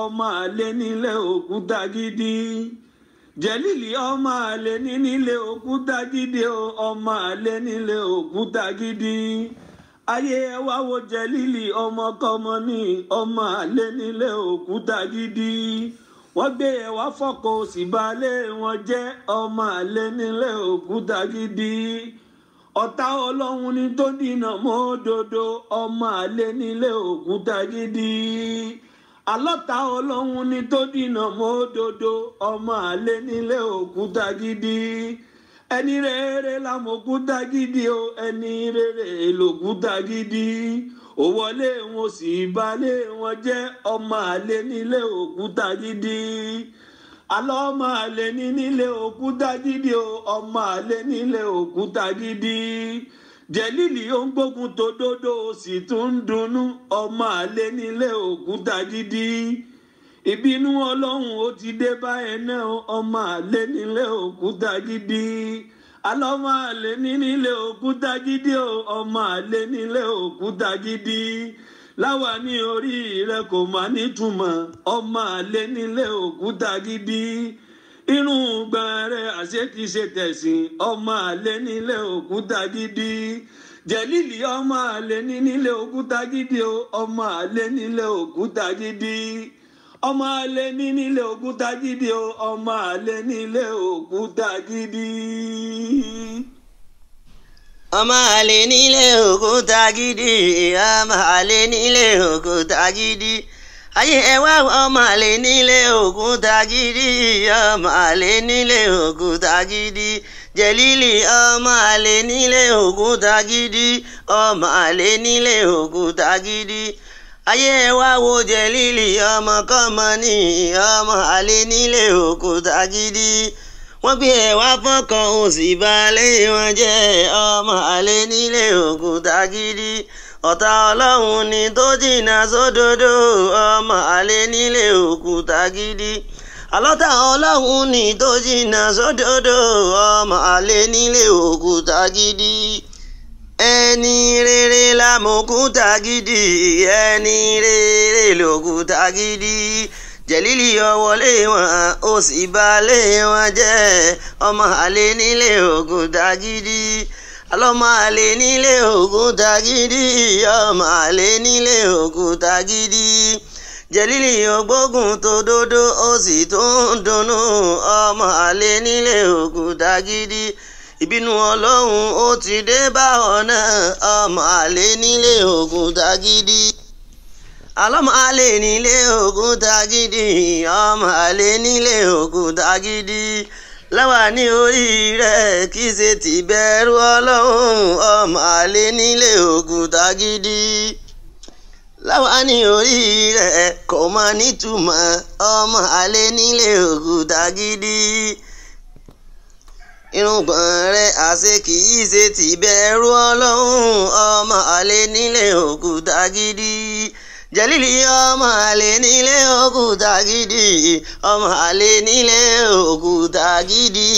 ọmọ àlè nílé òkúta gidi jẹlílì ọmọ àlè nílé òkúta gidi ọmọ àlè nílé òkúta gidi ayé ẹ wá wo jẹlílì ọmọkọmọ ní ọmọ àlè nílé òkúta gidi wọ́n gbé ẹ wá fọ́kọ òsì balẹ̀ wọn jẹ́ ọmọ àlè nílé òkúta gidi ọ̀tá ọlọ́run ni tó dìnà mọ́ òdodo ọmọ àlè nílé òkúta gidi alọ́ta ọlọ́run ni tó dìnà mọ́ òdodo ọmọ àlè nílé òkúta gidi ẹni rere làmòkúta gidi o ẹni rere lòkúta gidi òwọlé wọn sì balẹ̀ wọn jẹ́ ọmọ àlè nílé òkúta gidi alọ́ ọmọ àlè nílé òkúta gidi o ọmọ àlè nílé òkúta gidi jẹ̀lílì ó ń gbógun tòdodo ó sì tún ń dunnú ọmọ àlè nílé òkúta dídí ìbínú ọlọ́run ó ti dé bá ẹnẹ ọmọ àlè nílé òkúta gidi alọ́mọ àlè nílé òkúta gidi o ọmọ àlè nílé òkúta gidi láwa ní orí rẹ kò má nítumọ̀ ọmọ àlè nílé òkúta gidi inú gbàrẹ àṣetíṣetẹsìn ọmọ àlẹ nílẹ̀ òkúta gidi jẹlílì ọmọ àlẹ nílẹ̀ òkúta gidi o ọmọ àlẹ nílẹ̀ òkúta gidi ọmọ àlẹ nílẹ̀ òkúta gidi o ọmọ àlẹ nílẹ̀ òkúta gidi. ọmọ àlẹ nílẹ̀ òkúta gidi ọmọ àlẹ nílẹ̀ òkúta gidi ayé ẹ wá ọmọ àlè nílé Ògúntagídí ọmọ àlè nílé Ògúntagídí Jẹ̀lílì ọmọ àlè nílé Ògúntagídí ọmọ àlè nílé Ògúntagídí ayé ẹ wá wo Jẹ̀lílì ọmọ kọ́mọ ní ọmọ àlè nílé Ògúntagídí wọ́n gbé ẹ̀ wá fọ́kàn òsì balẹ̀ wọn jẹ́ ọmọ àlè nílé Ògúntagídí ọ̀tá ọlọ́run ni tó jìnnà sódodo ọmọ àlè nílé òkúta gidi àlọ́tà ọlọ́run ni tó jìnnà sódodo ọmọ àlè nílé òkúta gidi ẹni rere lámòkúta gidi ẹni rere lòkúta gidi jẹ̀lílì ọwọ́lé wọn ó sì balẹ̀ wọn jẹ́ ọmọ àlè nílé òkúta gidi alọ́mọ àlè nílé òkúta gidi ọmọ àlè nílé òkúta gidi jẹ̀lílì ògbógun tó dódó ó sì tó ń dunnú ọmọ àlè nílé òkúta gidi ìbínú ọlọ́run ó ti dé bá ọ̀nà ọmọ àlè nílé òkúta gidi alọ́mọ àlè nílé òkúta gidi ọmọ àlè nílé òkúta gidi láwàní orí rẹ̀ kì í ṣe ti bẹ̀rù ọlọ́run ọmọ àlè nílé ogun tagídí láwàní orí rẹ̀ kò mọ nítumọ̀ ọmọ àlè nílé ogun tagídí irùngbọ̀n rẹ̀ àṣẹ kì í ṣe ti bẹ̀rù ọlọ́run ọmọ àlè nílé ogun tagídí jẹ̀lílì ọmọ àlè nílé òkúta gidi ọmọ àlè nílé òkúta gidi.